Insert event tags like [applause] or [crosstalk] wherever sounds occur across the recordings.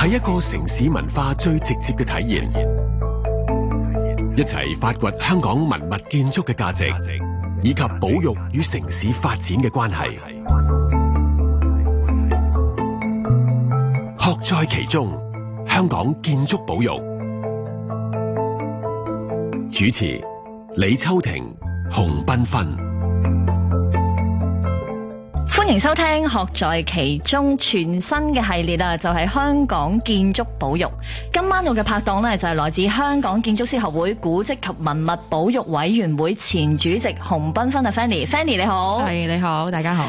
係一個城市文化最直接嘅體現，一齊發掘香港文物建築嘅價值，以及保育與城市發展嘅關係，學在其中。香港建築保育主持李秋婷、洪繽紛。歡迎收聽《學在其中》全新嘅系列啦，就係香港建築保育。今晚我嘅拍檔呢，就係來自香港建築師學會古蹟及文物保育委員會前主席洪斌芬啊，Fanny，Fanny 你好，係你好，大家好。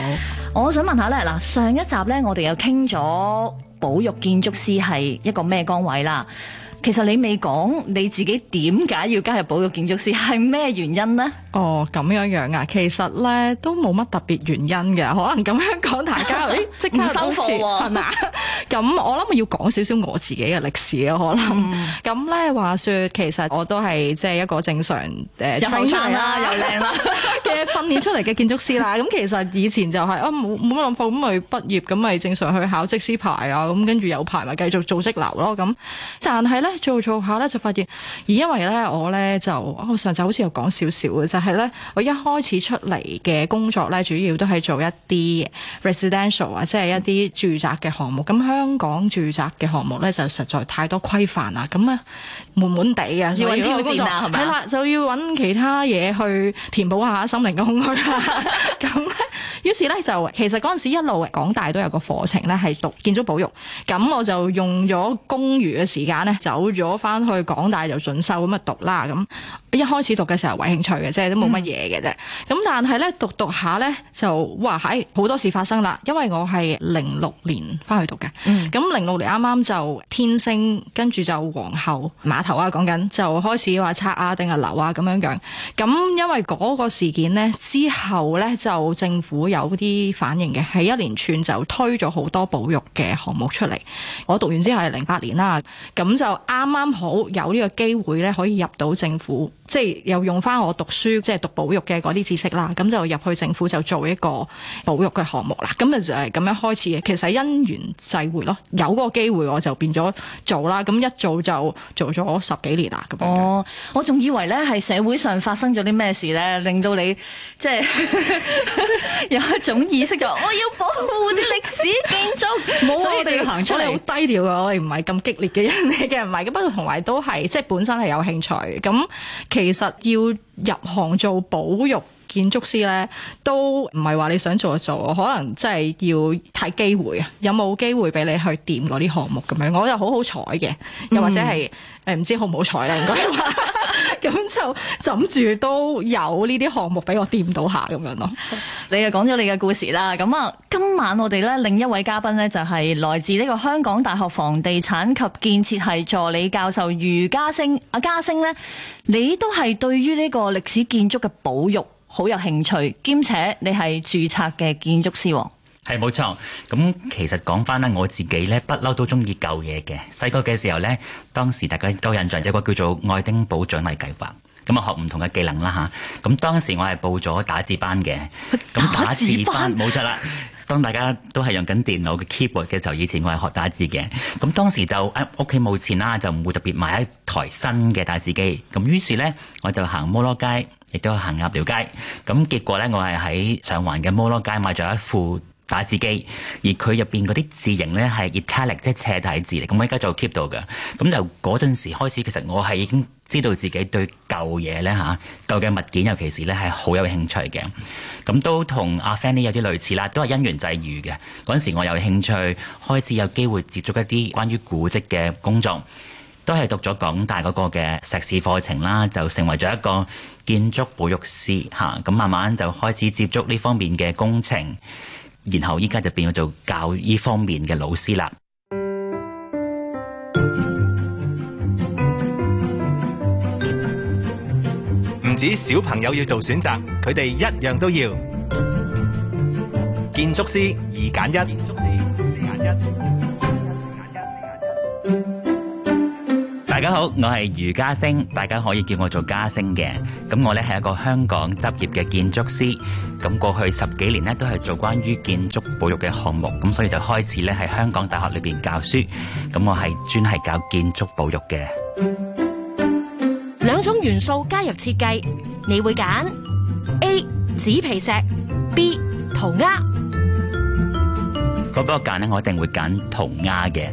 我想問下咧，嗱上一集咧我哋又傾咗保育建築師係一個咩崗位啦？其實你未講你自己點解要加入保育建築師係咩原因呢？哦咁樣樣啊，其實咧都冇乜特別原因嘅，可能咁樣講大家誒即刻收貨係嘛？咁我諗要講少少我自己嘅歷史啊，可能咁咧話說，其實我都係即係一個正常誒，又差啦又靚啦嘅訓練出嚟嘅建築師啦。咁其實以前就係我冇冇乜諗法，咁咪畢業，咁咪正常去考則師牌啊，咁跟住有牌咪繼續做則樓咯。咁但係咧。做做下咧就發現，而因為咧我咧就，我上集好似有講少少嘅，就係、是、咧我一開始出嚟嘅工作咧，主要都係做一啲 residential 啊、嗯，即係一啲住宅嘅項目。咁香港住宅嘅項目咧就實在太多規範啦，咁啊悶悶地嘅，要揾挑戰啊，係咪啊？係啦，就要揾其他嘢去填補下心靈嘅空虛啦。咁。 [laughs] [laughs] 於是咧就其實嗰陣時一路港大都有個課程咧，係讀建築保育，咁我就用咗公餘嘅時間咧走咗翻去港大就進修，咁啊讀啦。咁一開始讀嘅時候為興趣嘅啫，都冇乜嘢嘅啫。咁、嗯、但係咧讀讀下咧就哇喺好、哎、多事發生啦，因為我係零六年翻去讀嘅，咁零六年啱啱就天星跟住就皇后碼頭啊，講緊就開始話拆啊定係留啊咁樣，啊啊、樣。咁因為嗰個事件咧之後咧就政府。有啲反應嘅，係一連串就推咗好多保育嘅項目出嚟。我讀完之後係零八年啦，咁就啱啱好有呢個機會咧，可以入到政府，即係又用返我讀書即係讀保育嘅嗰啲知識啦。咁就入去政府就做一個保育嘅項目啦。咁就係咁樣開始嘅。其實因緣際會咯，有個機會我就變咗做啦。咁一做就做咗十幾年啦。咁哦，我仲以為咧係社會上發生咗啲咩事咧，令到你即係。 [laughs] [laughs] 一種意識就我要保護啲歷史建築，冇 [laughs] 我哋 [laughs] 要行出嚟好低調嘅，我哋唔係咁激烈嘅人嚟嘅唔係，咁不，不同埋都係即係本身係有興趣。咁其實要入行做保育建築師咧，都唔係話你想做就做，可能即係要睇機會啊，有冇機會俾你去掂嗰啲項目咁樣。我又好好彩嘅，又或者係誒唔知好唔好彩咧，應該。 [laughs] 咁就枕住都有呢啲項目俾我掂到下咁樣咯。你又講咗你嘅故事啦。咁啊，今晚我哋咧另一位嘉賓呢，就係來自呢個香港大學房地產及建設系助理教授余家星。阿家星呢，你都係對於呢個歷史建築嘅保育好有興趣，兼且你係註冊嘅建築師喎。係冇錯，咁其實講翻咧，我自己咧不嬲都中意舊嘢嘅。細個嘅時候咧，當時大家都印象，有一個叫做愛丁堡獎勵計劃，咁啊學唔同嘅技能啦吓。咁當時我係報咗打字班嘅，咁打字班冇錯啦。當大家都係用緊電腦嘅 keyboard 嘅時候，以前我係學打字嘅。咁當時就誒屋企冇錢啦，就唔會特別買一台新嘅打字機。咁於是咧，我就行摩羅街，亦都行鴨寮街。咁結果咧，我係喺上環嘅摩羅街買咗一副。打字機，而佢入邊嗰啲字形呢，係 italic，即係斜體字嚟。咁我而家仲 keep 到嘅。咁由嗰陣時開始，其實我係已經知道自己對舊嘢呢，嚇舊嘅物件，尤其是呢，係好有興趣嘅。咁都同阿 Fanny 有啲類似啦，都係因緣際遇嘅。嗰陣時我有興趣，開始有機會接觸一啲關於古蹟嘅工作，都係讀咗港大嗰個嘅碩士課程啦，就成為咗一個建築保育師嚇。咁慢慢就開始接觸呢方面嘅工程。然後依家就變咗做教育呢方面嘅老師啦。唔止小朋友要做選擇，佢哋一樣都要。建築師二揀一。建築師大家好，我係余嘉升，大家可以叫我做嘉升嘅。咁我呢係一個香港執業嘅建築師，咁過去十幾年呢都係做關於建築保育嘅項目，咁所以就開始呢喺香港大學裏邊教書。咁我係專係教建築保育嘅。兩種元素加入設計，你會揀 A 紙皮石 B 塗鴉。嗰個間咧，我一定會揀塗鴉嘅，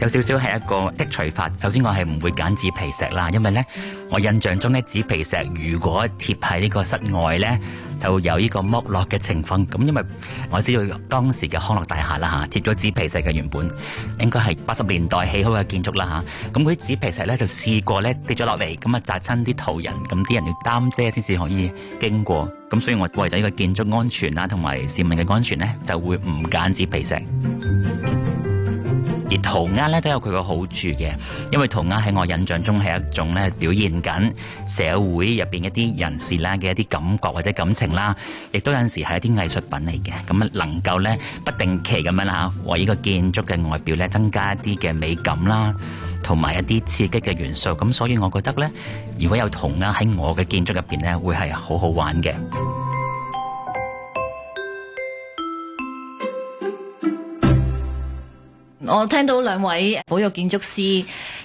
有少少係一個剔除法。首先，我係唔會揀紙皮石啦，因為咧，我印象中咧紙皮石如果貼喺呢個室外咧，就有呢個剝落嘅情況，咁因為我知道當時嘅康樂大廈啦吓，貼咗紙皮石嘅原本應該係八十年代起好嘅建築啦吓，咁嗰啲紙皮石咧就試過咧跌咗落嚟，咁啊砸親啲途人，咁啲人要擔遮先至可以經過，咁所以我為咗呢個建築安全啦，同埋市民嘅安全咧，就會唔揀紙皮石。而塗鴉咧都有佢個好處嘅，因為塗鴉喺我印象中係一種咧表現緊社會入邊一啲人士啦嘅一啲感覺或者感情啦，亦都有陣時係一啲藝術品嚟嘅，咁啊能夠咧不定期咁樣啦嚇為呢個建築嘅外表咧增加一啲嘅美感啦，同埋一啲刺激嘅元素，咁所以我覺得咧，如果有塗鴉喺我嘅建築入邊咧，會係好好玩嘅。我聽到兩位保育建築師，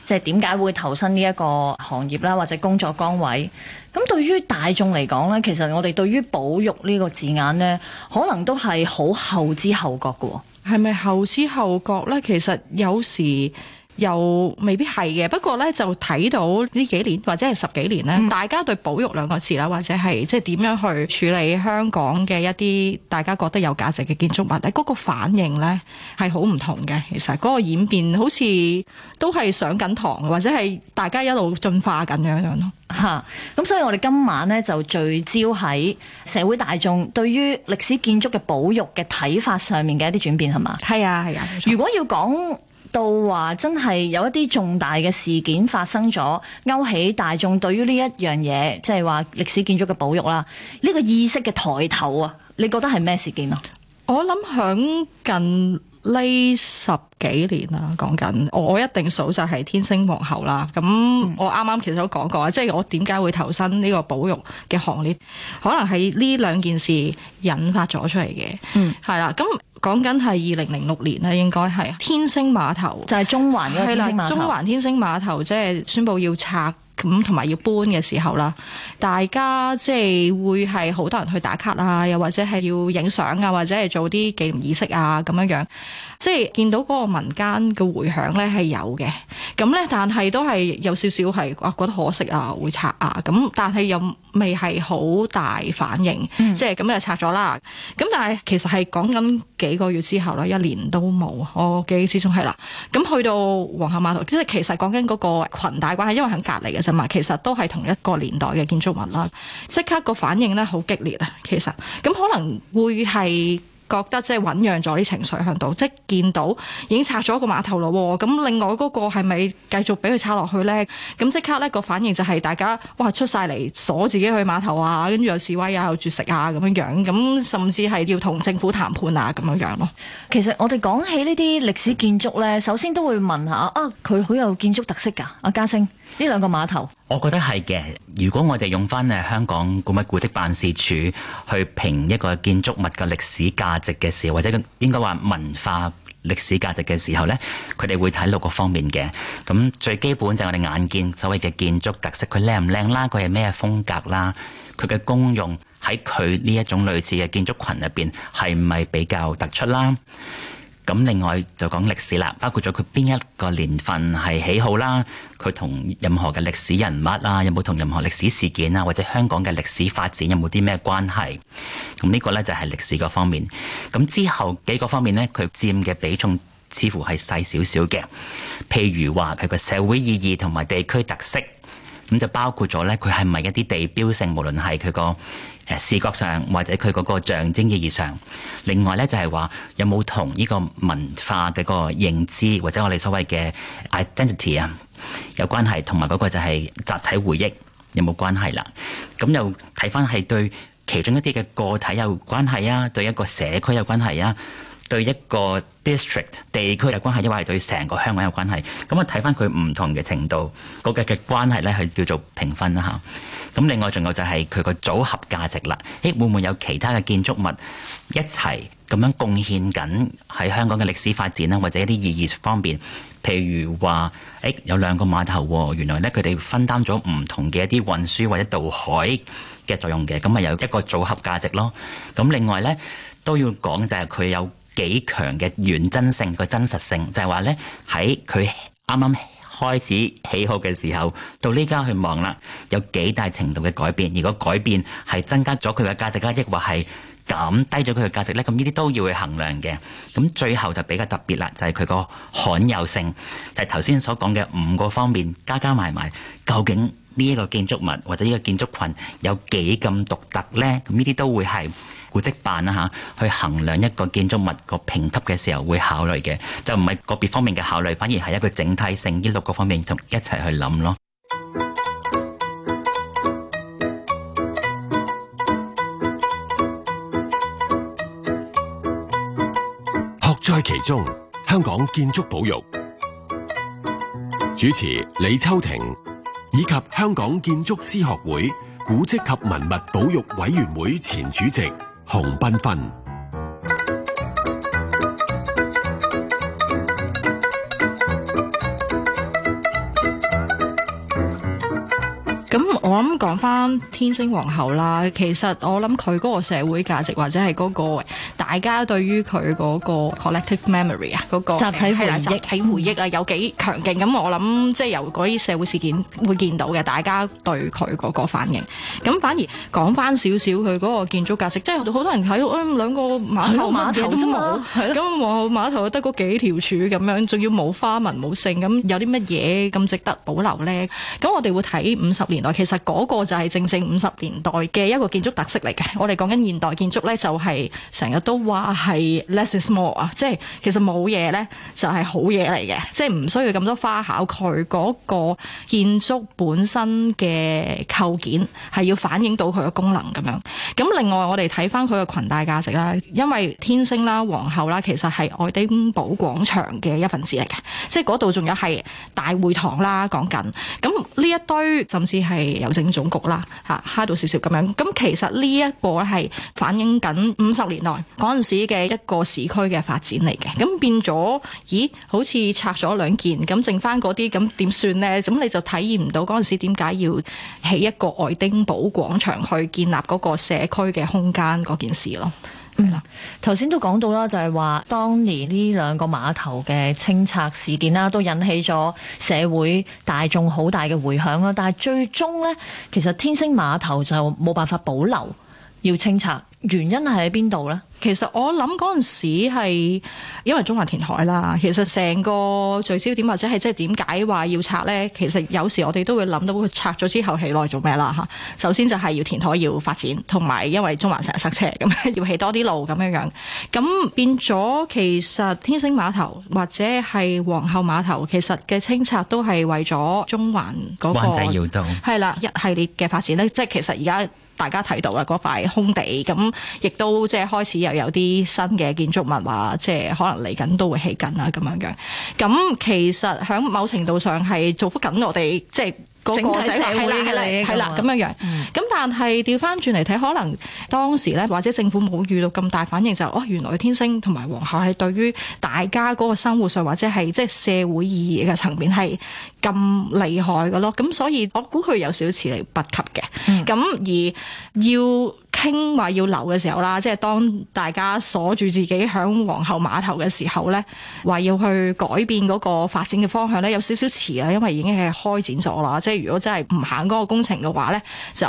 即係點解會投身呢一個行業啦，或者工作崗位？咁對於大眾嚟講呢，其實我哋對於保育呢個字眼呢，可能都係好後知後覺㗎喎。係咪後知後覺呢？其實有時，又未必係嘅，不過呢，就睇到呢幾年或者係十幾年咧，嗯、大家對保育兩個字啦，或者係即係點樣去處理香港嘅一啲大家覺得有價值嘅建築物咧，嗰個反應呢係好唔同嘅。其實嗰個演變好似都係上緊堂，或者係大家一路進化緊樣樣咯。吓、啊，咁所以我哋今晚呢，就聚焦喺社會大眾對於歷史建築嘅保育嘅睇法上面嘅一啲轉變，係嘛？係啊，係啊。如果要講。到話真係有一啲重大嘅事件發生咗，勾起大眾對於呢一樣嘢，即係話歷史建築嘅保育啦，呢個意識嘅抬頭啊，你覺得係咩事件啊？我諗喺近呢十幾年啦，講緊我一定數就係天星皇后啦。咁我啱啱其實都講過啊，嗯、即係我點解會投身呢個保育嘅行列，可能係呢兩件事引發咗出嚟嘅。嗯，係啦，咁。講緊係二零零六年咧，應該係天星碼頭，就係中環。中環天星碼頭即係宣布要拆咁，同埋要搬嘅時候啦，大家即係會係好多人去打卡啊，又或者係要影相啊，或者係做啲紀念儀式啊，咁樣樣，即係見到嗰個民間嘅迴響咧係有嘅。咁咧，但係都係有少少係啊，覺得可惜啊，會拆啊。咁但係又。未係好大反應，mm hmm. 即係咁就拆咗啦。咁但係其實係講緊幾個月之後啦，一年都冇我記憶之中係啦。咁去到皇后碼頭，即係其實講緊嗰個裙帶關係，因為喺隔籬嘅啫嘛，其實都係同一個年代嘅建築物啦。即刻個反應咧好激烈啊，其實咁可能會係。覺得即係醞釀咗啲情緒向度，即係見到已經拆咗個碼頭咯，咁另外嗰個係咪繼續俾佢拆落去咧？咁即刻咧，個反應就係大家哇出晒嚟鎖自己去碼頭啊，跟住又示威啊，又絕食啊咁樣樣，咁甚至係要同政府談判啊咁樣樣咯。其實我哋講起呢啲歷史建築咧，首先都會問下啊，佢好有建築特色㗎？阿嘉升。呢兩個碼頭，我覺得係嘅。如果我哋用翻誒香港古物古蹟辦事處去評一個建築物嘅歷史價值嘅時候，或者應該話文化歷史價值嘅時候，呢佢哋會睇六個方面嘅。咁最基本就係我哋眼見所謂嘅建築特色，佢靚唔靚啦，佢係咩風格啦，佢嘅功用喺佢呢一種類似嘅建築群入邊係唔係比較突出啦？咁另外就講歷史啦，包括咗佢邊一個年份係起好啦，佢同任何嘅歷史人物啦，有冇同任何歷史事件啊，或者香港嘅歷史發展有冇啲咩關係？咁呢個呢，就係歷史嗰方面。咁之後幾個方面呢，佢佔嘅比重似乎係細少少嘅。譬如話佢個社會意義同埋地區特色，咁就包括咗呢，佢係咪一啲地標性，無論係佢個，誒視覺上或者佢嗰個象徵意義上，另外呢就係話有冇同呢個文化嘅個認知或者我哋所謂嘅 identity 啊有關係，同埋嗰個就係集體回憶有冇關係啦？咁又睇翻係對其中一啲嘅個體有關係啊，對一個社區有關係啊。對一個 district 地區有關係，亦話係對成個香港有關係。咁啊，睇翻佢唔同嘅程度，個嘅嘅關係咧係叫做評分啦嚇。咁另外仲有就係佢個組合價值啦。誒會唔會有其他嘅建築物一齊咁樣貢獻緊喺香港嘅歷史發展啦，或者一啲意義方面？譬如話，誒有兩個碼頭喎，原來咧佢哋分擔咗唔同嘅一啲運輸或者渡海嘅作用嘅，咁咪有一個組合價值咯。咁另外咧都要講就係佢有。幾強嘅原真性，個真實性，就係話咧喺佢啱啱開始起好嘅時候，到呢家去望啦，有幾大程度嘅改變？如果改變係增加咗佢嘅價值啦，亦或係減低咗佢嘅價值咧，咁呢啲都要去衡量嘅。咁最後就比較特別啦，就係佢個罕有性，就係頭先所講嘅五個方面加加埋埋，究竟呢一個建築物或者呢個建築群有幾咁獨特咧？咁呢啲都會係，古蹟辦啦吓，去衡量一個建築物個評級嘅時候會考慮嘅，就唔係個別方面嘅考慮，反而係一個整體性呢六個方面同一齊去諗咯。學在其中，香港建築保育主持，李秋婷，以及香港建築師學會古蹟及文物保育委員會前主席。紅繽紛。咁我諗講翻天星皇后啦，其實我諗佢嗰個社會價值或者係嗰個。大家對於佢嗰個 collective memory 啊，嗰個集體回憶、集體回憶啊，有幾強勁？咁我諗即係由嗰啲社會事件會見到嘅，大家對佢嗰個反應。咁反而講翻少少佢嗰個建築價值，即係好多人睇，誒兩個碼頭，碼頭都冇，咁皇后碼頭得嗰幾條柱咁樣，仲要冇花紋、冇性，咁有啲乜嘢咁值得保留咧？咁我哋會睇五十年代，其實嗰個就係正正五十年代嘅一個建築特色嚟嘅。我哋講緊現代建築咧，就係成日都。話係 less is more 啊，即係其實冇嘢咧就係好嘢嚟嘅，即係唔需要咁多花巧。佢嗰個建築本身嘅構件係要反映到佢嘅功能咁樣。咁另外我哋睇翻佢嘅裙帶價值啦，因為天星啦、皇后啦，其實係愛丁堡廣場嘅一份子嚟嘅，即係嗰度仲有係大會堂啦，講緊咁呢一堆，甚至係郵政總局啦，嚇蝦到少少咁樣。咁其實呢一個咧係反映緊五十年內嗰陣時嘅一個市區嘅發展嚟嘅，咁變咗，咦？好似拆咗兩件，咁剩翻嗰啲，咁點算呢？咁你就體驗唔到嗰陣時點解要起一個愛丁堡廣場去建立嗰個社區嘅空間嗰件事咯。嗯，頭先都講到啦，就係話當年呢兩個碼頭嘅清拆事件啦啊，都引起咗社會大眾好大嘅回響啦。但係最終呢，其實天星碼頭就冇辦法保留，要清拆。原因係喺邊度咧？其實我諗嗰陣時係因為中環填海啦。其實成個聚焦點或者係即係點解話要拆咧？其實有時我哋都會諗到拆咗之後起嚟做咩啦嚇。首先就係要填海要發展，同埋因為中環成日塞車，咁 [laughs] 要起多啲路咁樣樣。咁變咗其實天星碼頭或者係皇后碼頭，其實嘅清拆都係為咗中環嗰、嗰個係啦一系列嘅發展咧。即係其實而家。大家睇到啊，嗰塊空地咁，亦都即係開始又有啲新嘅建築物啊，即係可能嚟緊都會起緊啊，咁樣樣。咁其實響某程度上係造福緊我哋，即係。嗰個係啦，係啦，係啦咁樣樣，咁、嗯、但係調翻轉嚟睇，可能當時咧或者政府冇遇到咁大反應，就是、哦，原來天星同埋皇后係對於大家嗰個生活上或者係即係社會意義嘅層面係咁厲害嘅咯，咁所以我估佢有少少遲嚟不及嘅，咁、嗯、而要。傾話要留嘅時候啦，即係當大家鎖住自己喺皇后碼頭嘅時候呢，話要去改變嗰個發展嘅方向呢，有少少遲啊，因為已經係開展咗啦。即係如果真係唔行嗰個工程嘅話呢，就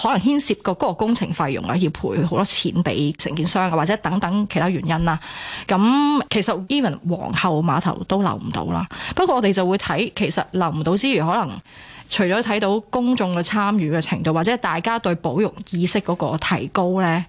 可能牽涉個嗰個工程費用啊，要賠好多錢俾承建商啊，或者等等其他原因啦。咁其實 even 皇后碼頭都留唔到啦。不過我哋就會睇，其實留唔到之餘，可能。除咗睇到公眾嘅參與嘅程度，或者大家對保育意識嗰個提高咧，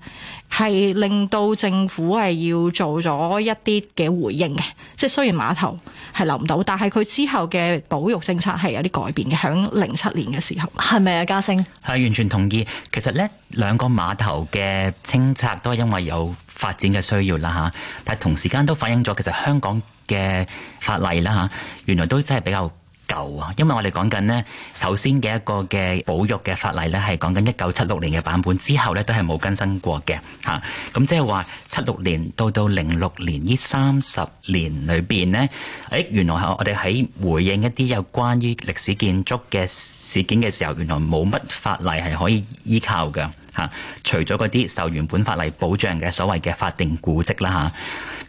係令到政府係要做咗一啲嘅回應嘅。即係雖然碼頭係留唔到，但係佢之後嘅保育政策係有啲改變嘅。響零七年嘅時候，係咪啊，嘉升？係完全同意。其實咧，兩個碼頭嘅清拆都係因為有發展嘅需要啦吓，但係同時間都反映咗其實香港嘅法例啦吓，原來都真係比較。舊啊，因為我哋講緊呢，首先嘅一個嘅保育嘅法例呢，係講緊一九七六年嘅版本，之後呢，都係冇更新過嘅吓。咁、啊、即係話七六年到到零六年呢三十年裏邊呢，誒、哎、原來係我哋喺回應一啲有關於歷史建築嘅事件嘅時候，原來冇乜法例係可以依靠嘅吓、啊，除咗嗰啲受原本法例保障嘅所謂嘅法定古蹟啦吓。啊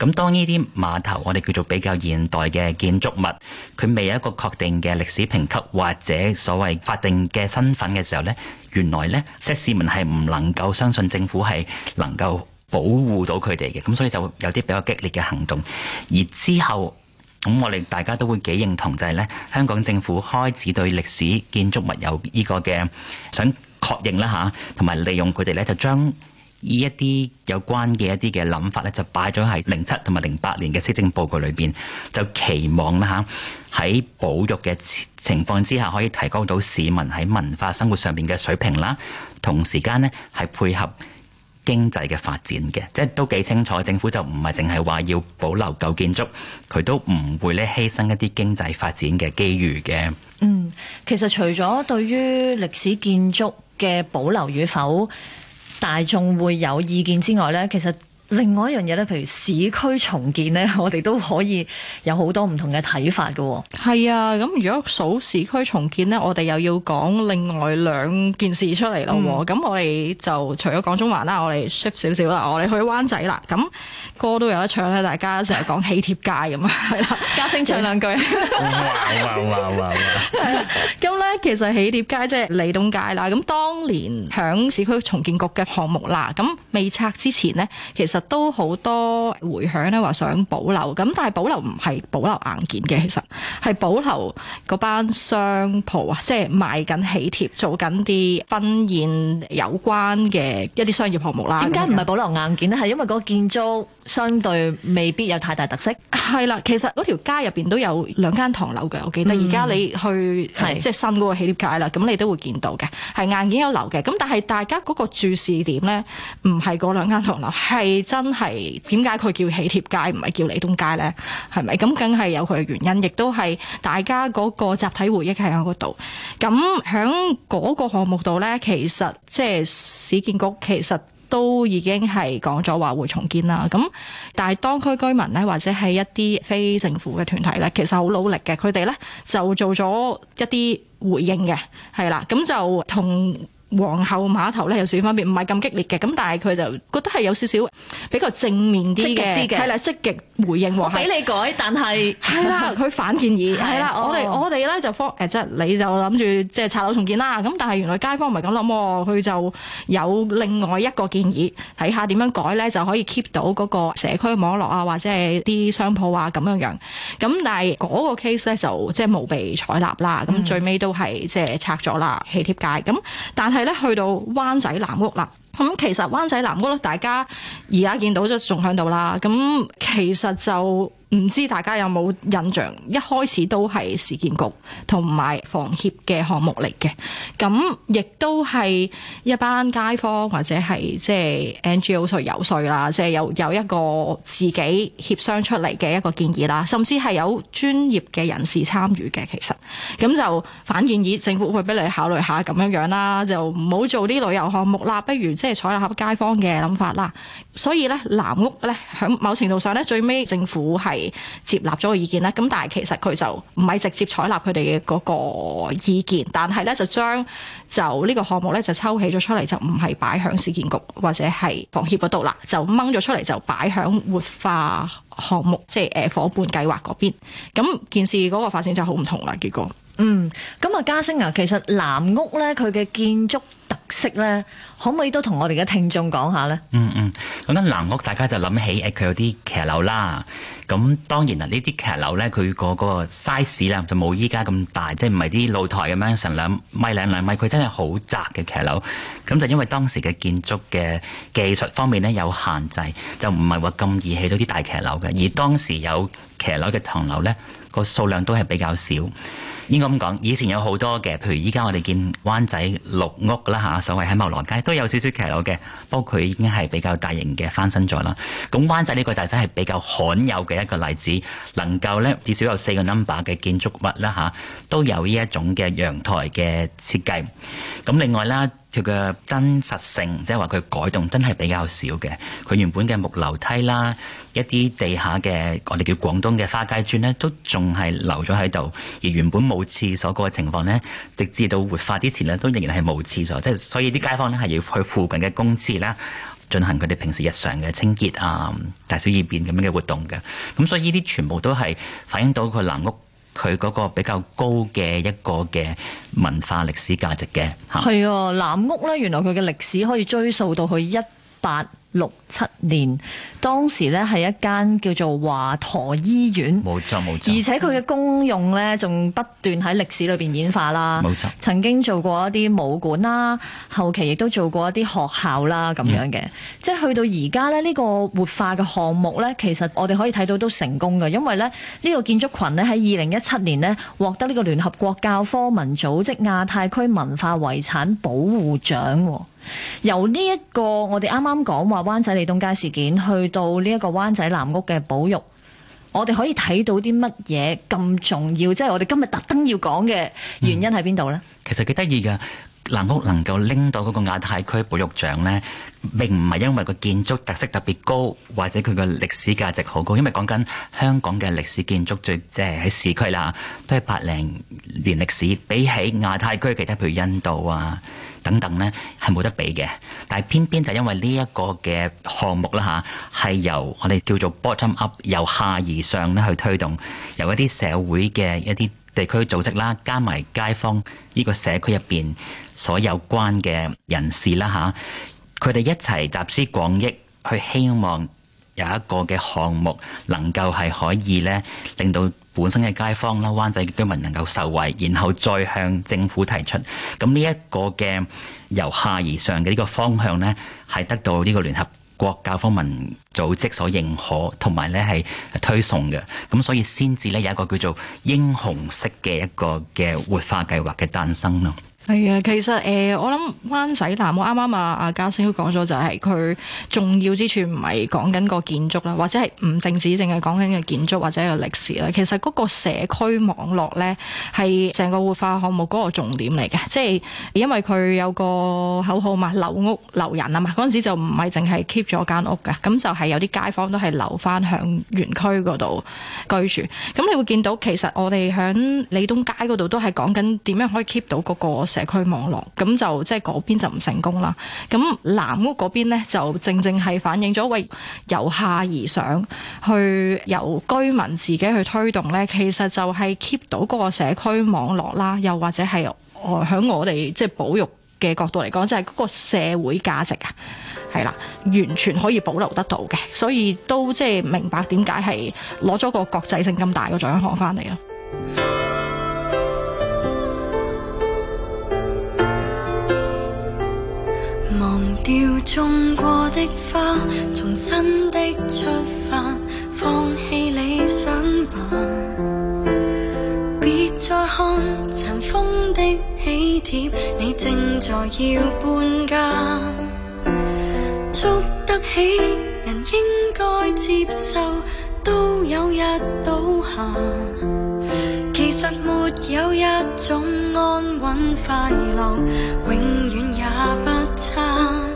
咁當呢啲碼頭，我哋叫做比較現代嘅建築物，佢未有一個確定嘅歷史評級或者所謂法定嘅身份嘅時候，呢原來咧，市民係唔能夠相信政府係能夠保護到佢哋嘅，咁所以就有啲比較激烈嘅行動。而之後，咁我哋大家都會幾認同就係呢香港政府開始對歷史建築物有呢個嘅想確認啦嚇，同埋利用佢哋呢，就將。呢一啲有關嘅一啲嘅諗法咧，就擺咗喺零七同埋零八年嘅施政報告裏邊，就期望啦嚇喺保育嘅情況之下，可以提高到市民喺文化生活上邊嘅水平啦。同時間呢，係配合經濟嘅發展嘅，即係都幾清楚。政府就唔係淨係話要保留舊建築，佢都唔會咧犧牲一啲經濟發展嘅機遇嘅。嗯，其實除咗對於歷史建築嘅保留與否。大眾會有意見之外咧，其實。另外一樣嘢咧，譬如市區重建咧，我哋都可以有好多唔同嘅睇法嘅。係啊，咁如果數市區重建咧，我哋又要講另外兩件事出嚟咯。咁、嗯、我哋就除咗講中環啦，我哋 shift 少少啦，我哋去灣仔啦。咁歌都有得唱咧，大家成日講喜帖街咁啊，係啦，嘉升唱兩句。 [laughs] [laughs] 哇哇咁咧， [laughs] 其實喜帖街即係利東街啦。咁當年喺市區重建局嘅項目啦，咁未拆之前呢，其實。都好多回響咧，話想保留，咁但係保留唔係保留硬件嘅，其實係保留嗰班商鋪啊，即係賣緊喜帖、做緊啲婚宴有關嘅一啲商業項目啦。點解唔係保留硬件咧？係因為嗰個建築相對未必有太大特色。係啦，其實嗰條街入邊都有兩間唐樓嘅，我記得。而家你去即係新嗰個喜帖街啦，咁你都會見到嘅，係硬件有樓嘅。咁但係大家嗰個注視點咧，唔係嗰兩間唐樓，係真係點解佢叫喜帖街，唔係叫利東街咧？係咪？咁梗係有佢嘅原因，亦都係大家嗰個集體回憶喺嗰度。咁喺嗰個項目度咧，其實即係市建局其實。都已經係講咗話會重建啦，咁但係當區居民咧，或者係一啲非政府嘅團體咧，其實好努力嘅，佢哋咧就做咗一啲回應嘅，係啦，咁就同皇后碼頭咧有少少分別，唔係咁激烈嘅，咁但係佢就覺得係有少少比較正面啲嘅，係啦，積極。回應俾你改，但係係 [laughs] 啦，佢反建議係 [laughs] 啦，我哋、oh. 我哋咧就方誒即係你就諗住即係拆樓重建啦，咁但係原來街坊唔係咁諗，佢就有另外一個建議，睇下點樣改咧就可以 keep 到嗰個社區網絡啊，或者係啲商鋪啊咁樣樣。咁但係嗰個 case 咧就即係冇被採納啦。咁、mm. 最尾都係即係拆咗啦，喜帖街。咁但係咧去到灣仔南屋啦。咁其實灣仔南屋度，大家而家見到就仲喺度啦。咁其實就～唔知大家有冇印象，一開始都係市建局同埋房協嘅項目嚟嘅，咁亦都係一班街坊或者係即係 NGO 去遊說啦，即係有有一個自己協商出嚟嘅一個建議啦，甚至係有專業嘅人士參與嘅。其實，咁就反建議政府會俾你考慮下咁樣樣啦，就唔好做啲旅遊項目啦，不如即係採納下街坊嘅諗法啦。所以咧，藍屋咧響某程度上咧，最尾政府係。接納咗個意見啦，咁但係其實佢就唔係直接採納佢哋嘅嗰個意見，但係咧就將就個項呢個項目咧就抽起咗出嚟，就唔係擺響市建局或者係房協嗰度啦，就掹咗出嚟就擺響活化項目即係誒夥伴計劃嗰邊，咁件事嗰個發展就好唔同啦，結果。嗯，咁、嗯、啊，加升啊，其實南屋咧，佢嘅建築特色咧，可唔可以都同我哋嘅聽眾講下咧？嗯嗯，咁樣南屋，大家就諗起誒，佢有啲騎樓啦。咁當然啦，呢啲騎樓咧，佢個個 size 啦，就冇依家咁大，即係唔係啲露台咁樣成兩米兩兩米，佢真係好窄嘅騎樓。咁就因為當時嘅建築嘅技術方面咧有限制，就唔係話咁易起到啲大騎樓嘅。而當時有騎樓嘅唐樓咧，個數量都係比較少。應該咁講，以前有好多嘅，譬如依家我哋見灣仔綠屋啦嚇，所謂喺茂蘿街都有少少騎樓嘅，不過佢已經係比較大型嘅翻新咗啦。咁灣仔呢個就真係比較罕有嘅一個例子，能夠咧至少有四個 number 嘅建築物啦嚇、啊，都有呢一種嘅陽台嘅設計。咁另外啦，佢嘅真實性即係話佢改動真係比較少嘅，佢原本嘅木樓梯啦、一啲地下嘅我哋叫廣東嘅花街磚呢，都仲係留咗喺度，而原本，冇廁所嗰個情況呢，直至到活化之前呢，都仍然係冇廁所，即係所以啲街坊呢係要去附近嘅公廁啦，進行佢哋平時日常嘅清潔啊、大小二便咁樣嘅活動嘅。咁所以呢啲全部都係反映到佢藍屋佢嗰個比較高嘅一個嘅文化歷史價值嘅。係啊，藍屋呢，原來佢嘅歷史可以追溯到去一八六七年，當時咧係一間叫做華佗醫院，冇錯冇錯。而且佢嘅功用咧，仲不斷喺歷史裏邊演化啦，冇錯。曾經做過一啲武館啦，後期亦都做過一啲學校啦咁樣嘅。嗯、即係去到而家咧，呢、呢個活化嘅項目呢，其實我哋可以睇到都成功嘅，因為咧呢、呢個建築群咧喺二零一七年呢獲得呢個聯合國教科文組織亞太區文化遺產保護獎。由呢一個我哋啱啱講話灣仔利東街事件，去到呢一個灣仔南屋嘅保育，我哋可以睇到啲乜嘢咁重要？即係我哋今日特登要講嘅原因喺邊度呢？嗯。其實幾得意嘅。藍屋能夠拎到嗰個亞太區保育獎呢，並唔係因為個建築特色特別高，或者佢個歷史價值好高，因為講緊香港嘅歷史建築最即係喺市區啦，都係百零年歷史，比起亞太區其他譬如印度啊等等呢，係冇得比嘅。但係偏偏就因為呢一個嘅項目啦嚇，係、啊、由我哋叫做 bottom up 由下而上咧去推動，由一啲社會嘅一啲。地區組織啦，加埋街坊呢個社區入邊所有關嘅人士啦吓，佢哋一齊集思廣益，去希望有一個嘅項目能夠係可以呢，令到本身嘅街坊啦、灣仔嘅居民能夠受惠，然後再向政府提出。咁呢一個嘅由下而上嘅呢個方向呢，係得到呢個聯合。國教科文組織所認可，同埋咧係推崇嘅。咁所以先至咧有一個叫做英雄式嘅一個嘅活化計劃嘅誕生咯。係啊，其實誒，我諗灣仔南我啱啱啊阿嘉升都講咗，就係佢重要之處唔係講緊個建築啦，或者係唔淨止淨係講緊個建築或者個歷史啦。其實嗰個社區網絡咧，係成個活化項目嗰個重點嚟嘅。即係因為佢有個口號嘛，留屋留人啊嘛。嗰陣時就唔係淨係 keep 咗間屋噶，咁就係有啲街坊都係留翻響原區嗰度居住。咁你會見到，其實我哋響利東街嗰度都係講緊點樣可以 keep 到嗰個。社區網絡咁就即係嗰邊就唔成功啦。咁藍屋嗰邊呢就正正係反映咗，喂由下而上去由居民自己去推動呢，其實就係 keep 到嗰個社區網絡啦，又或者係、呃、我喺我哋即係保育嘅角度嚟講，即係嗰個社會價值啊，係啦，完全可以保留得到嘅。所以都即係明白點解係攞咗個國際性咁大個獎項翻嚟啦。掉種過的花，重新的出發，放棄理想吧。別再看塵封的喜帖，你正在要搬家。築得起人應該接受，都有日倒下。其實沒有一種安穩快樂，永遠也不差。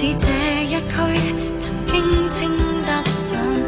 似這一區曾經稱得上。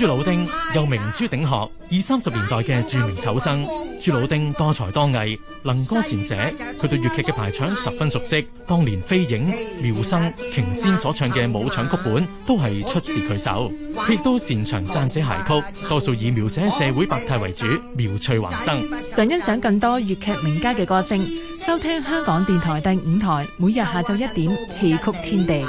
朱老丁又名朱鼎鶴，二三十年代嘅著名丑生。朱老丁多才多藝，能歌善寫，佢對粵劇嘅排場十分熟悉。當年飛影、妙生、瓊仙所唱嘅武唱曲本都係出自佢手。佢亦都擅長撰寫諧曲，多數以描寫社會百態為主，妙趣橫生。想欣賞更多粵劇名家嘅歌聲，收聽香港電台第五台，每日下晝一點戲曲天地。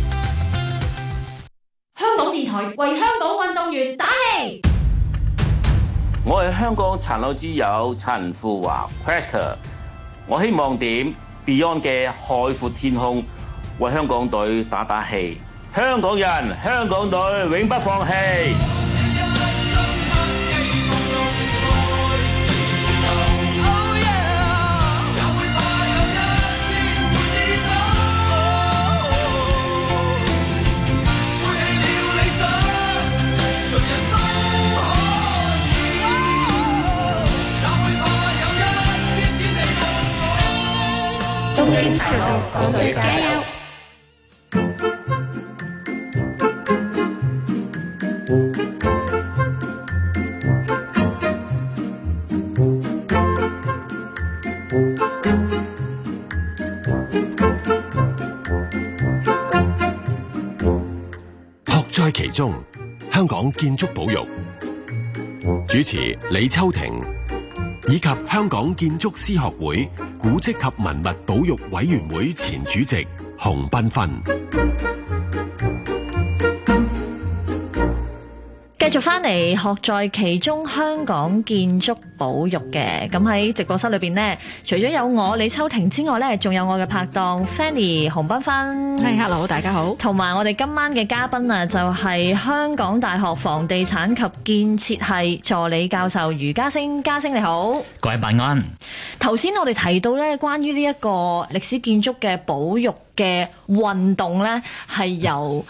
為香港運動員打氣，我係香港殘奧之友陳富華 Questor，我希望點 Beyond 嘅《海闊天空》為香港隊打打氣，香港人，香港隊永不放棄。精學在其中，香港建築保育主持李秋婷，以及香港建築師學會古蹟及文物保育委員會前主席洪斌分。繼續翻嚟學在其中香港建築保育嘅，咁喺直播室裏邊呢，除咗有我李秋婷之外呢，仲有我嘅拍檔 Fanny 洪彬芬。hey, hello 大家好。同埋我哋今晚嘅嘉賓啊，就係香港大學房地產及建設系助理教授余家星，家星你好，各位晚安。頭先我哋提到呢，關於呢一個歷史建築嘅保育嘅運動呢，係由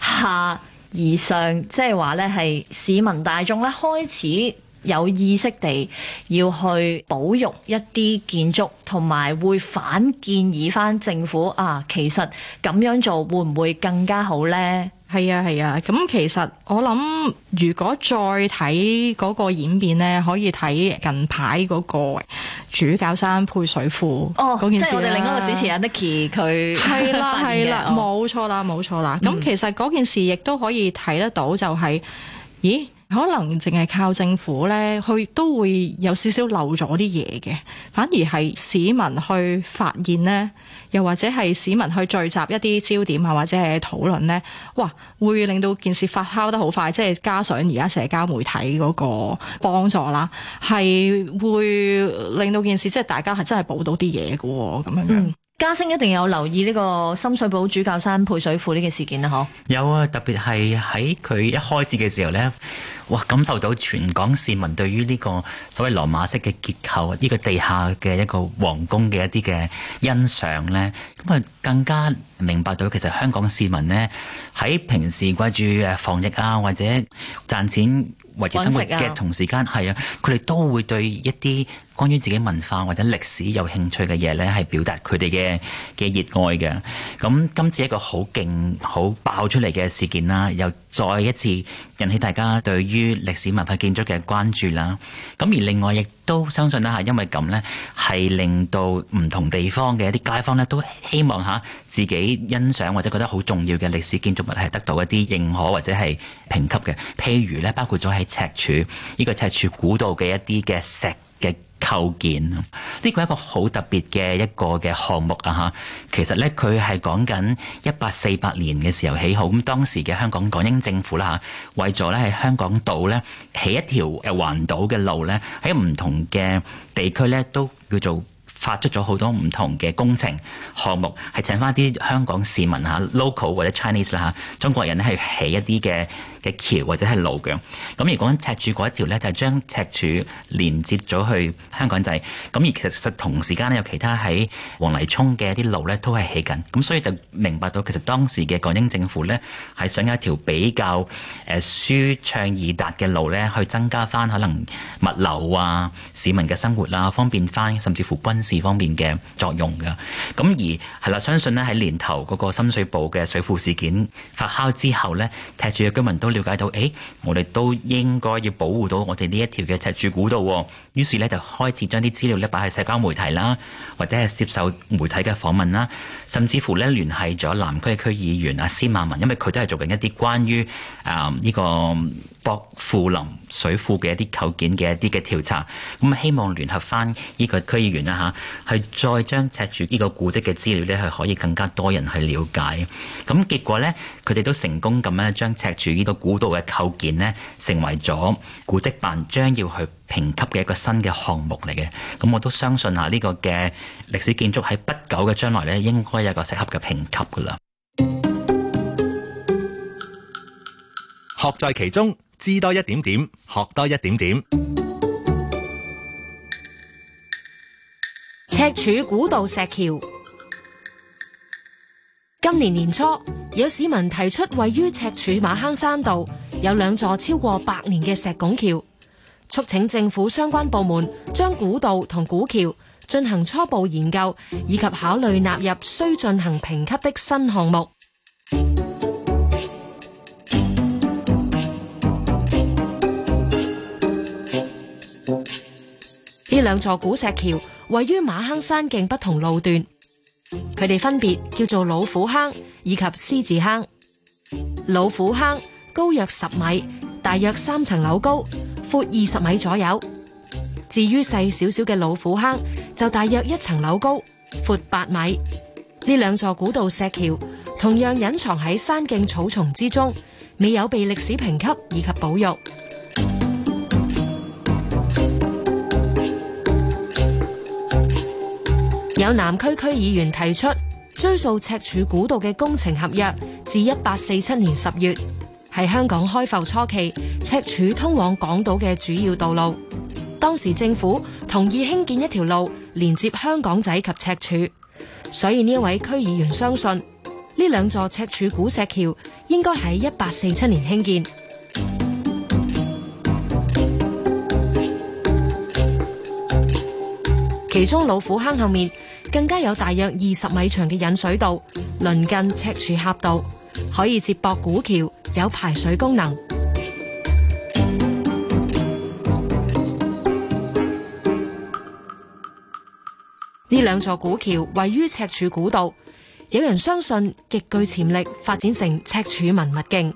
下。以上即係話咧，係、就是、市民大眾咧開始有意識地要去保育一啲建築，同埋會反建議翻政府啊，其實咁樣做會唔會更加好咧？係啊係啊，咁、啊、其實我諗，如果再睇嗰個演變咧，可以睇近排嗰個主教山配水庫哦，嗰件事即係我哋另一個主持人 Nicky 佢係啦係啦，冇錯啦冇錯啦。咁、嗯、其實嗰件事亦都可以睇得到，就是，就係咦，可能淨係靠政府咧，佢都會有少少漏咗啲嘢嘅，反而係市民去發現咧。又或者係市民去聚集一啲焦點啊，或者係討論咧，哇！會令到件事發酵得好快，即係加上而家社交媒體嗰個幫助啦，係會令到件事即係大家係真係補到啲嘢嘅咁樣。嗯加升一定有留意呢個深水埗主教山配水庫呢個事件啦，嗬？有啊，特別係喺佢一開始嘅時候咧，哇，感受到全港市民對於呢個所謂羅馬式嘅結構，啊，呢個地下嘅一個皇宮嘅一啲嘅欣賞咧，咁啊更加明白到其實香港市民咧喺平時掛住誒防疫啊或者賺錢維持生活嘅同時間，係啊，佢哋都會對一啲。關於自己文化或者歷史有興趣嘅嘢呢，係表達佢哋嘅嘅熱愛嘅。咁今次一個好勁、好爆出嚟嘅事件啦，又再一次引起大家對於歷史文化建築嘅關注啦。咁而另外亦都相信啦，係因為咁呢，係令到唔同地方嘅一啲街坊呢，都希望吓自己欣賞或者覺得好重要嘅歷史建築物係得到一啲認可或者係評級嘅。譬如呢，包括咗喺赤柱呢、呢個赤柱古道嘅一啲嘅石。構建呢個係一個好特別嘅一個嘅項目啊！嚇，其實呢，佢係講緊一八四八年嘅時候起好，咁當時嘅香港港英政府啦，嚇，為咗咧喺香港島呢起一條誒環島嘅路呢，喺唔同嘅地區呢都叫做發出咗好多唔同嘅工程項目，係請翻啲香港市民嚇 local 或者 Chinese 啦，嚇，中國人呢，係起一啲嘅。橋或者係路嘅，咁如果赤柱嗰一條呢，就係、是、將赤柱連接咗去香港仔，咁而其實實同時間咧，有其他喺黃泥涌嘅一啲路呢，都係起緊，咁、嗯、所以就明白到其實當時嘅港英政府呢，係想有一條比較誒、呃、舒暢易達嘅路呢，去增加翻可能物流啊、市民嘅生活啦、啊，方便翻甚至乎軍事方面嘅作用嘅，咁、嗯、而係啦，相信呢喺年頭嗰個深水埗嘅水庫事件發酵之後呢，赤柱嘅居民都。了解到，誒、哎，我哋都應該要保護到我哋呢一條嘅赤柱古道，於是咧就開始將啲資料咧擺喺社交媒體啦，或者係接受媒體嘅訪問啦。甚至乎咧聯繫咗南區區議員阿司馬文，因為佢都係做緊一啲關於誒呢、呃這個薄扶林水庫嘅一啲構件嘅一啲嘅調查，咁、嗯、希望聯合翻呢個區議員啦、啊、嚇、啊，去再將赤柱呢個古跡嘅資料咧，係可以更加多人去了解。咁、嗯、結果咧，佢哋都成功咁樣，將赤柱呢個古道嘅構件咧，成為咗古跡辦將要去。評級嘅一個新嘅項目嚟嘅，咁、嗯、我都相信下呢、呢個嘅歷史建築喺不久嘅將來呢，應該有一個適合嘅評級噶啦。學在其中，知多一點點，學多一點點。赤柱古道石橋，今年年初有市民提出，位於赤柱馬坑山道有兩座超過百年嘅石拱橋。促請政府相關部門將古道同古橋進行初步研究，以及考慮納入需進行評級的新項目。呢 [music] 兩座古石橋位於馬坑山徑不同路段，佢哋分別叫做老虎坑以及獅子坑。老虎坑高約十米，大約三層樓高。闊二十米左右，至於細少少嘅老虎坑，就大約一層樓高，闊八米。呢兩座古道石橋同樣隱藏喺山徑草叢之中，未有被歷史評級以及保育。 [noise] 有南區區議員提出追溯赤柱古道嘅工程合約，自一八四七年十月。係香港開埠初期，赤柱通往港島嘅主要道路。當時政府同意興建一條路連接香港仔及赤柱，所以呢位區議員相信呢兩座赤柱古石橋應該喺一八四七年興建。其中老虎坑後面更加有大約二十米長嘅引水道，鄰近赤柱峽道，可以接駁古橋。有排水功能。呢兩座古橋位於赤柱古道，有人相信極具潛力發展成赤柱文物徑。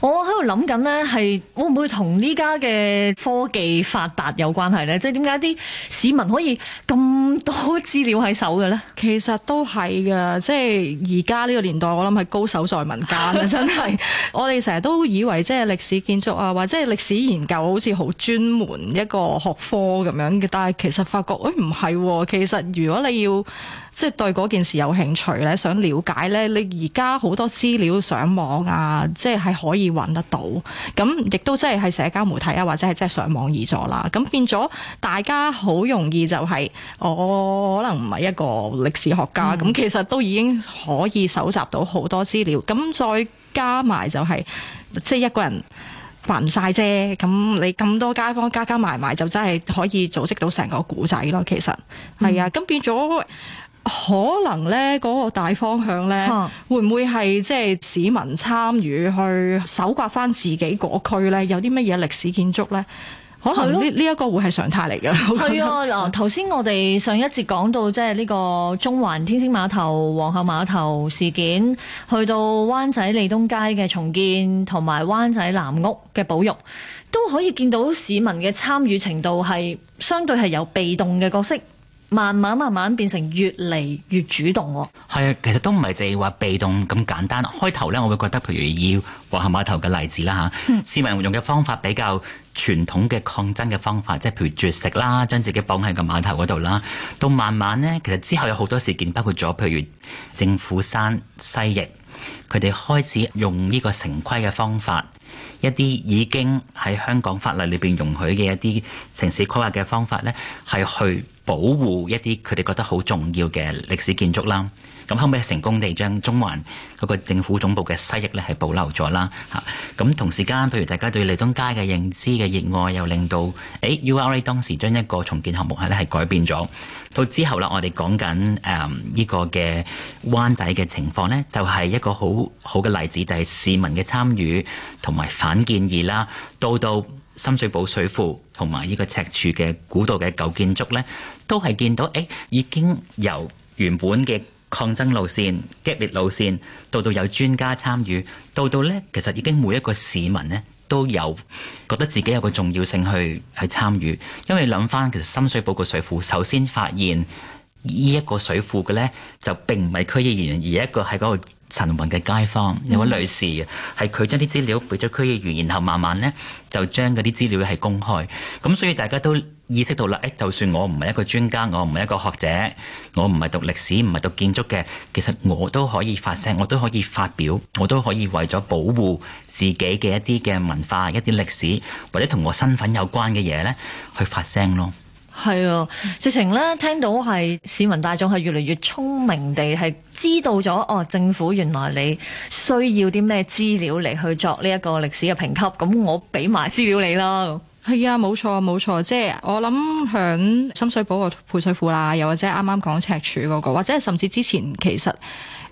我喺度諗緊咧，係會唔會同呢家嘅科技發達有關係呢？即係點解啲市民可以咁多資料喺手嘅呢？其實都係嘅，即係而家呢個年代，我諗係高手在民間真係， [laughs] 我哋成日都以為即係歷史建築啊，或者係歷史研究好似好專門一個學科咁樣嘅，但係其實發覺，誒唔係，其實如果你要即係、就是、對嗰件事有興趣咧，想了解呢，你而家好多資料上網啊～即係可以揾得到，咁亦都即係喺社交媒體啊，或者係即係上網易咗啦。咁變咗大家好容易就係、是，我、哦、可能唔係一個歷史學家，咁、嗯、其實都已經可以搜集到好多資料。咁再加埋就係、是，即、就、係、是、一個人揾唔晒啫。咁你咁多街坊加加埋埋，就真係可以組織到成個故仔咯。其實係啊，咁變咗。可能呢嗰個大方向呢，會唔會係即係市民參與去守護翻自己嗰區咧？有啲乜嘢歷史建築呢？可能呢呢一個會係常態嚟嘅。係啊的，嗱，頭先我哋上一節講到，即係呢個中環天星碼頭、皇后碼頭事件，去到灣仔利東街嘅重建，同埋灣仔藍屋嘅保育，都可以見到市民嘅參與程度係相對係有被動嘅角色。慢慢慢慢變成越嚟越主動，係啊，其實都唔係淨係話被動咁簡單。開頭呢，我會覺得譬如皇后碼頭嘅例子啦吓， [laughs] 市民用嘅方法比較傳統嘅抗爭嘅方法，即係譬如絕食啦，將自己綁喺個碼頭嗰度啦。到慢慢呢，其實之後有好多事件，包括咗譬如政府山西翼，佢哋開始用呢個城規嘅方法，一啲已經喺香港法例裏邊容許嘅一啲城市規劃嘅方法呢，係去。保護一啲佢哋覺得好重要嘅歷史建築啦，咁後尾成功地將中環嗰個政府總部嘅西翼咧係保留咗啦嚇，咁同時間，譬如大家對利東街嘅認知嘅熱愛，又令到誒、欸、URA 當時將一個重建項目係咧係改變咗，到之後啦，我哋講緊誒呢個嘅灣仔嘅情況咧，就係、是、一個好好嘅例子，就係、是、市民嘅參與同埋反建議啦，到到。深水埗水庫同埋呢個赤柱嘅古道嘅舊建築呢，都係見到誒、欸，已經由原本嘅抗爭路線、激烈路線，到到有專家參與，到到呢，其實已經每一個市民呢，都有覺得自己有個重要性去去參與。因為諗翻其實深水埗個水庫，首先發現呢一個水庫嘅呢，就並唔係區議員，而一個喺嗰、嗰個陳雲嘅街坊，有位女士嘅，係佢將啲資料俾咗區議員，然後慢慢呢，就將嗰啲資料係公開，咁，所以大家都意識到啦。誒、哎、就算我唔係一個專家，我唔係一個學者，我唔係讀歷史，唔係讀建築嘅，其實我都可以發聲，我都可以發表，我都可以為咗保護自己嘅一啲嘅文化、一啲歷史或者同我身份有關嘅嘢咧，去發聲咯。係哦，啊、直情咧聽到係市民大眾係越嚟越聰明地係知道咗哦，政府原來你需要啲咩資料嚟去作呢一個歷史嘅評級，咁我俾埋資料你啦。係啊，冇錯冇錯，即係我諗響深水埗個配水庫啦，又或者啱啱講赤柱嗰個，或者甚至之前其實，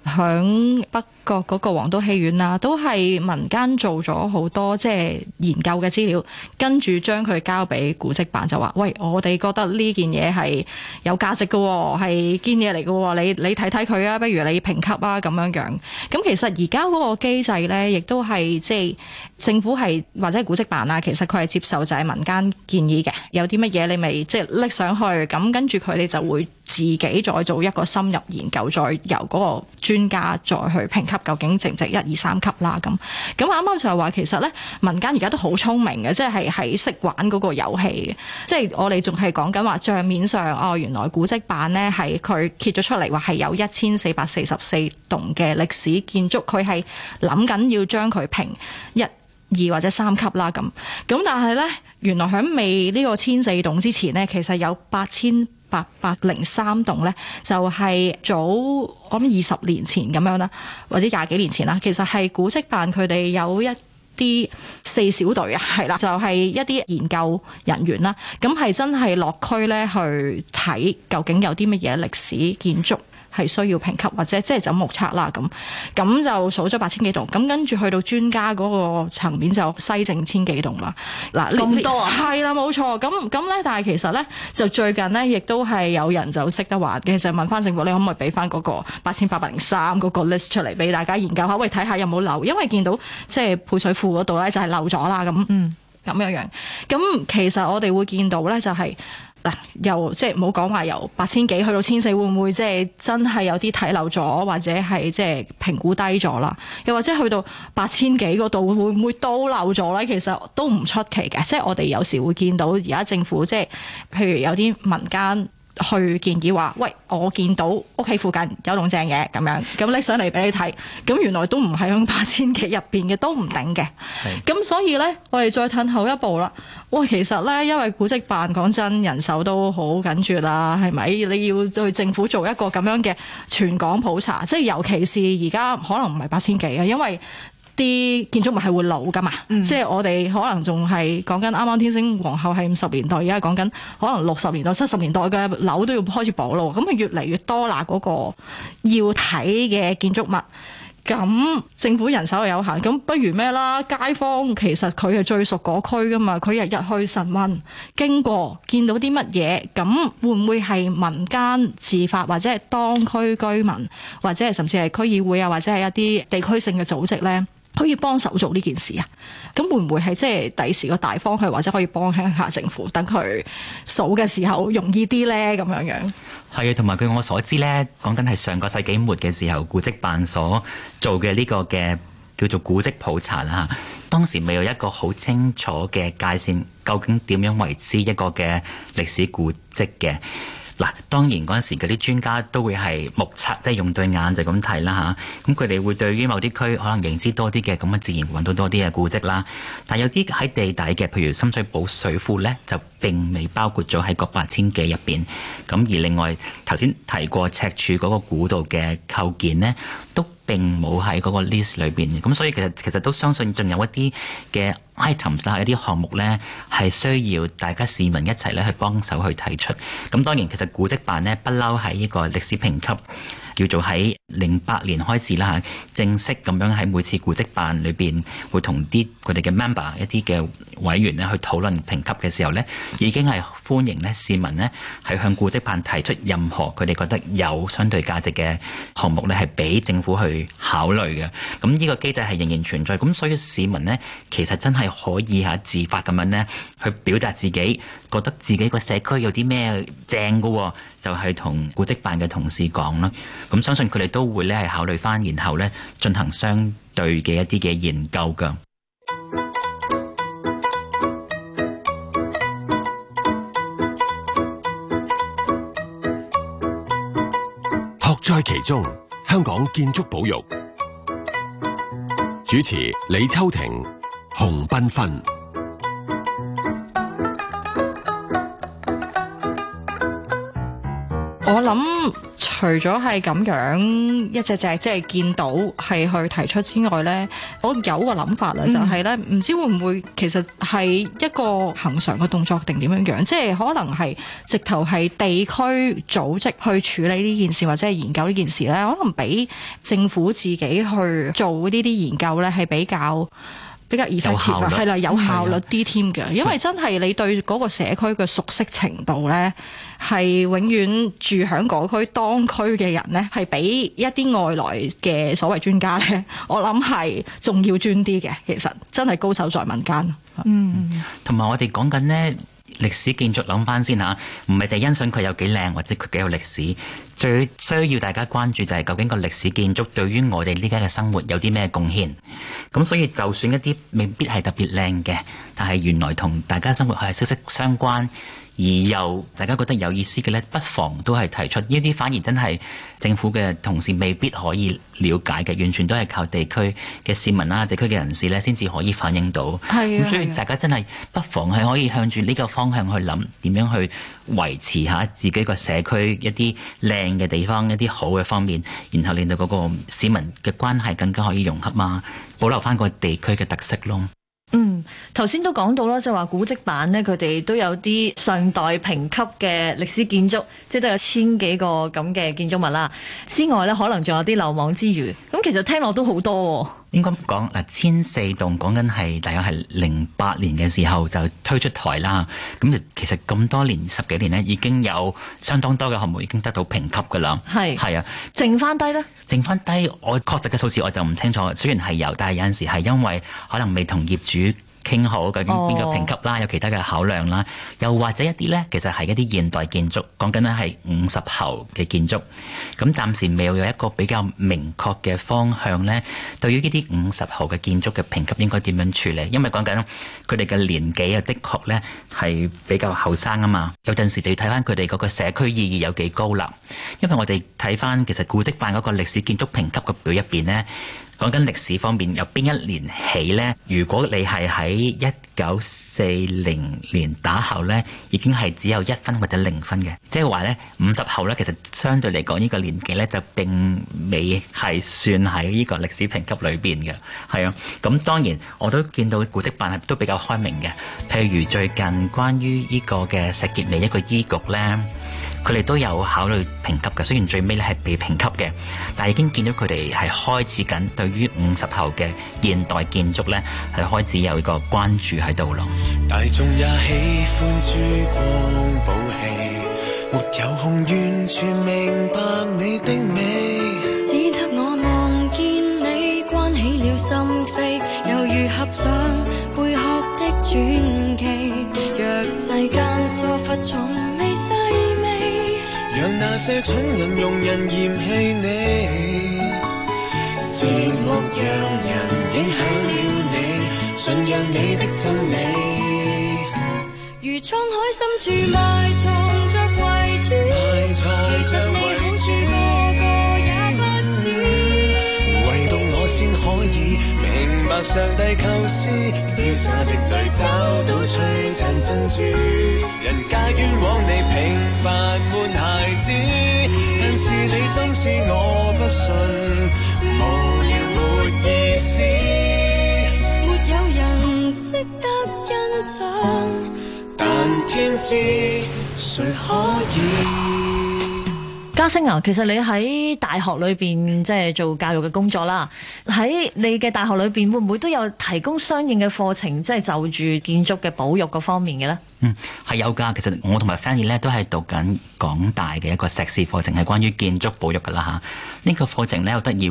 響北角嗰個皇都戲院啊，都係民間做咗好多即係研究嘅資料，跟住將佢交俾古蹟辦就話：「喂，我哋覺得呢件嘢係有價值嘅，哦，係堅嘢嚟嘅。你你睇睇佢啊，不如你評級啊咁樣樣。咁其實而家嗰個機制咧，亦都係即係政府係或者係古蹟辦啊，其實佢係接受就係民間建議嘅，有啲乜嘢你未即係拎上去，咁跟住佢哋就會，自己再做一個深入研究，再由嗰個專家再去評級，究竟值唔值一二三級啦？咁咁啱啱就係話，其實咧民間而家都好聰明嘅，即係係識玩嗰個遊戲，即係我哋仲係講緊話賬面上哦，原來古蹟版古蹟辦咧係佢揭咗出嚟話係有一千四百四十四棟嘅歷史建築，佢係諗緊要將佢評一。二或者三級啦，咁咁，但係呢，原來喺未呢個千四棟之前呢，其實有八千八百零三棟呢，就係早我諗二十年前咁樣啦，或者廿幾年前啦，其實係古蹟辦佢哋有一啲四小隊啊，係啦，就係一啲研究人員啦，咁係真係落區呢，去睇究竟有啲乜嘢歷史建築。係需要評級或者即係就目測啦，咁，咁就數咗八千幾棟，咁跟住去到專家嗰個層面就西正千幾棟啦。嗱，咁多啊？係啦，冇錯。咁咁咧，但係其實咧，就最近咧，亦都係有人就識得話，其實問翻政府，你可唔可以俾翻嗰個八千八百零三嗰個 list 出嚟，俾大家研究下，我哋，睇下有冇漏，因為見到即係配水庫嗰度咧就係漏咗啦咁。嗯，咁樣樣。咁其實我哋會見到咧，就係、是。嗱，又即係唔好講話，由八千幾去到千四，會唔會即係真係有啲睇漏咗，或者係即係評估低咗啦？又或者去到八千幾嗰度，會唔會都漏咗咧？其實都唔出奇嘅，即係我哋有時會見到而家政府即係譬如有啲民間。去建議話：喂，我見到屋企附近有棟正嘢咁樣，咁拎上嚟俾你睇。咁原來都唔喺八千幾入邊嘅，都唔頂嘅。咁是的 所以呢，我哋再褪後一步啦。喂，其實呢，因為古蹟辦講真人手都好緊絀啦，係咪？你要對政府做一個咁樣嘅全港普查，即係尤其是而家可能唔係八千幾呀，因為。啲建築物係會老噶嘛？即係我哋可能仲係講緊啱啱天星皇后係五十年代，而家講緊可能六十年代、七十年代嘅樓都要開始保留，咁係越嚟越多啦。嗰個要睇嘅建築物，咁政府人手又有限，咁不如咩啦？街坊其實佢係最熟嗰區噶嘛，佢日日去晨運經過，見到啲乜嘢，咁會唔會係民間自發，或者係當區居民，或者係甚至係區議會啊，或者係一啲地區性嘅組織咧？可以幫手做呢件事啊？咁會唔會係即係第時個大方向，或者可以幫鄉下政府等佢數嘅時候容易啲呢？咁樣樣係啊，同埋據我所知呢，講緊係上個世紀末嘅時候，古蹟辦所做嘅呢個嘅叫做古蹟普查啦嚇、啊。當時未有一個好清楚嘅界線，究竟點樣為之一個嘅歷史古蹟嘅？嗱，當然嗰陣時嗰啲專家都會係目測，即係用對眼就咁睇啦嚇。咁佢哋會對於某啲區可能認知多啲嘅，咁啊自然揾到多啲嘅古蹟啦。但有啲喺地底嘅，譬如深水埗水庫呢，就，並未包括咗喺個八千幾入邊，咁而另外頭先提過赤柱嗰個古道嘅構建呢，都並冇喺嗰個 list 裏邊咁、嗯、所以其實其實都相信仲有一啲嘅 item 啊，一啲項目呢，係需要大家市民一齊咧去幫手去提出，咁、嗯、當然其實古蹟辦呢，不嬲喺呢個歷史評級，叫做喺零八年開始啦嚇，正式咁樣喺每次古蹟辦裏邊會同啲佢哋嘅 member 一啲嘅委員咧去討論評級嘅時候咧，已經係歡迎咧市民咧係向古蹟辦提出任何佢哋覺得有相對價值嘅項目咧，係俾政府去考慮嘅。咁呢個機制係仍然存在，咁所以市民咧其實真係可以吓自發咁樣咧去表達自己覺得自己個社區有啲咩正嘅，就係同古蹟辦嘅同事講啦。咁相信佢哋都會咧係考慮返，然後咧進行相對嘅一啲嘅研究嘅。學在其中，香港建築保育主持李秋婷、洪彬芬。我諗除咗係咁樣一隻隻即係見到係去提出之外呢，我有個諗法啦、就係，就係呢，唔知會唔會其實係一個恒常嘅動作定點樣樣，即係可能係直頭係地區組織去處理呢件事或者係研究呢件事呢，可能比政府自己去做呢啲研究呢係比較。比較易貼噶，係啦，有效率啲添嘅，的因為真係你對嗰個社區嘅熟悉程度咧，係永遠住響嗰區當區嘅人咧，係比一啲外來嘅所謂專家咧，我諗係仲要專啲嘅。其實真係高手在民間。嗯，同埋我哋講緊咧。歷史建築諗翻先嚇，唔係就欣賞佢有幾靚，或者佢幾有歷史。最需要大家關注就係究竟個歷史建築對於我哋呢家嘅生活有啲咩貢獻。咁所以就算一啲未必係特別靚嘅，但係原來同大家生活係息息相關。而又大家覺得有意思嘅咧，不妨都係提出呢啲，反而真係政府嘅同事未必可以了解嘅，完全都係靠地區嘅市民啊、地區嘅人士咧，先至可以反映到。係啊，咁是的、嗯、所以大家真係不妨係可以向住呢個方向去諗點樣去維持下自己個社區一啲靚嘅地方、一啲好嘅方面，然後令到嗰個市民嘅關係更加可以融合嘛，保留翻個地區嘅特色咯。嗯，頭先都講到啦，就話、是、古蹟版呢，佢哋都有啲上代評級嘅歷史建築，即係都有千幾個咁嘅建築物啦。之外呢，可能仲有啲漏網之魚，咁其實聽落都好多、喔。應該講嗱，千四棟講緊係大概係零八年嘅時候就推出台啦。咁其實咁多年十幾年咧，已經有相當多嘅項目已經得到評級噶啦。係，係啊，剩翻低咧？剩翻低，我確實嘅數字我就唔清楚。雖然係有，但係有陣時係因為可能未同業主傾好，究竟邊個評級啦？Oh. 有其他嘅考量啦，又或者一啲呢，其實係一啲現代建築，講緊呢係五十後嘅建築。咁暫時未有一個比較明確嘅方向呢。對於呢啲五十後嘅建築嘅評級應該點樣處理？因為講緊佢哋嘅年紀又的確呢係比較後生啊嘛。有陣時就要睇翻佢哋嗰個社區意義有幾高啦。因為我哋睇翻其實古蹟辦嗰個歷史建築評級嘅表入邊呢。講緊歷史方面，由邊一年起呢？如果你係喺一九四零年打後呢，已經係只有一分或者零分嘅，即係話呢，五十後呢，其實相對嚟講呢個年紀呢，就並未係算喺呢個歷史評級裏邊嘅。係啊，咁當然我都見到古跡辦係都比較開明嘅，譬如最近關於呢個嘅石硤尾一個醫局呢。佢哋都有考慮評級嘅，雖然最尾咧係被評級嘅，但係已經見到佢哋係開始緊對於五十後嘅現代建築咧，係開始有一個關注喺度咯。讓那些蠢人容忍嫌棄你，寂寞讓人影響了你，信仰你的真理， [noise] 如滄海深處埋藏。可以明白上帝構思，要沙礫裡找到璀璨珍珠。人家冤枉你平凡沒孩子，但是你心思我不信，無聊沒意思。沒有人識得欣賞，但天知誰可以。嘉星啊，其實你喺大學裏邊即係做教育嘅工作啦，喺你嘅大學裏邊會唔會都有提供相應嘅課程，即係就住、是、建築嘅保育嗰方面嘅呢？嗯，係有㗎。其實我同埋 Fanny 咧都係讀緊港大嘅一個碩士課程，係關於建築保育㗎啦嚇。呢、這個課程咧好得意，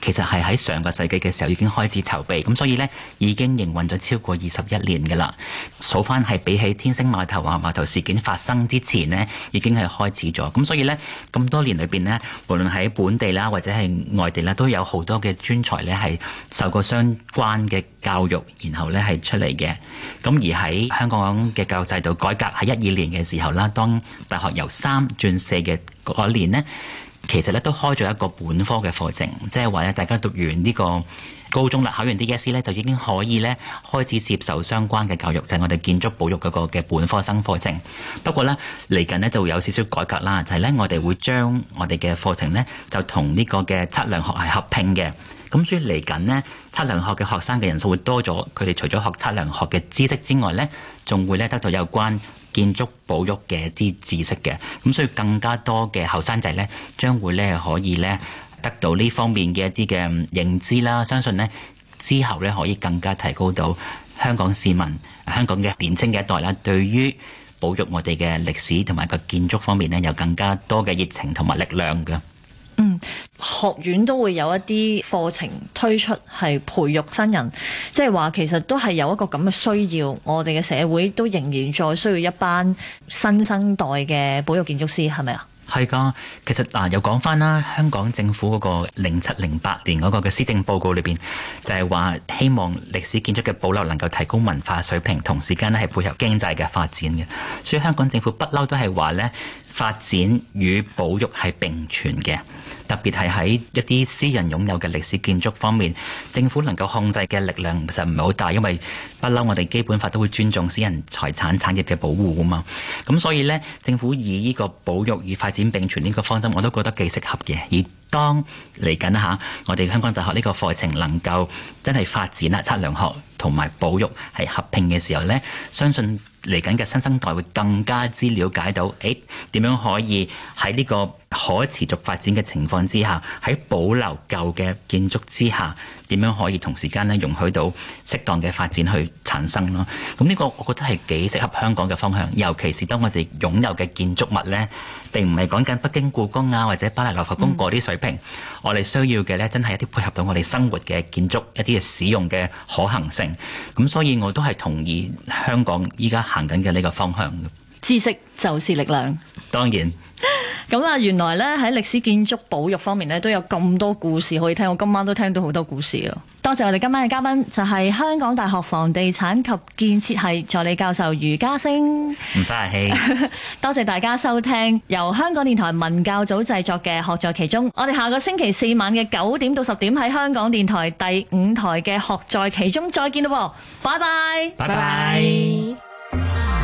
其實係喺上個世紀嘅時候已經開始籌備，咁所以呢，已經營運咗超過二十一年㗎啦。數翻係比起天星碼頭啊碼頭事件發生之前呢，已經係開始咗。咁所以呢，咁多年裏邊呢，無論喺本地啦或者係外地啦，都有好多嘅專才呢，係受過相關嘅教育，然後呢，係出嚟嘅。咁而喺香港嘅教育制度改革喺一二年嘅時候啦，當大學由三轉四嘅嗰一年呢，其實咧都開咗一個本科嘅課程，即係話咧大家讀完呢個高中啦，考完 DSE 咧就已經可以咧開始接受相關嘅教育，就係、是、我哋建築保育嗰個嘅本科生課程。不過呢，嚟緊呢就會有少少改革啦，就係呢，我哋會將我哋嘅課程呢，就同呢個嘅測量學系合併嘅。咁所以嚟緊呢測量學嘅學生嘅人數會多咗。佢哋除咗學測量學嘅知識之外呢，仲會咧得到有關建築保育嘅一啲知識嘅。咁所以更加多嘅後生仔呢，將會咧可以呢得到呢方面嘅一啲嘅認知啦。相信呢之後呢可以更加提高到香港市民、香港嘅年青嘅一代啦，對於保育我哋嘅歷史同埋個建築方面呢，有更加多嘅熱情同埋力量嘅。嗯，學院都會有一啲課程推出，係培育新人，即係話其實都係有一個咁嘅需要。我哋嘅社會都仍然再需要一班新生代嘅保育建築師，係咪啊？係㗎，其實嗱、啊，又講返啦，香港政府嗰個零七零八年嗰個嘅施政報告裏邊，就係話希望歷史建築嘅保留能夠提供文化水平，同時間咧係配合經濟嘅發展嘅，所以香港政府不嬲都係話呢。發展與保育係並存嘅，特別係喺一啲私人擁有嘅歷史建築方面，政府能夠控制嘅力量其實唔係好大，因為不嬲我哋基本法都會尊重私人財產產業嘅保護噶嘛。咁所以呢，政府以呢個保育與發展並存呢個方針，我都覺得幾適合嘅。而當嚟緊啊吓，我哋香港大學呢個課程能夠真係發展啦測量學同埋保育係合併嘅時候呢，相信。嚟緊嘅新生代會更加之了解到，誒點樣可以喺呢個可持續發展嘅情況之下，喺保留舊嘅建築之下，點樣可以同時間咧容許到適當嘅發展去產生咯。咁呢個我覺得係幾適合香港嘅方向，尤其是當我哋擁有嘅建築物呢。定唔係講緊北京故宮啊，或者巴黎羅浮宮嗰啲水平，嗯，我哋需要嘅呢，真係一啲配合到我哋生活嘅建築，一啲嘅使用嘅可行性。咁所以我都係同意香港依家行緊嘅呢個方向。知識就是力量，當然。咁啊，原來呢，喺歷史建築保育方面呢，都有咁多故事可以聽，我今晚都聽到好多故事啊！多謝我哋今晚嘅嘉賓就係香港大學房地產及建設系助理教授余家星，唔使氣， [laughs] 多謝大家收聽由香港電台文教組製作嘅《學在其中》，我哋下個星期四晚嘅九點到十點喺香港電台第五台嘅《學在其中》，再見啦，拜拜，拜拜 bye。Bye bye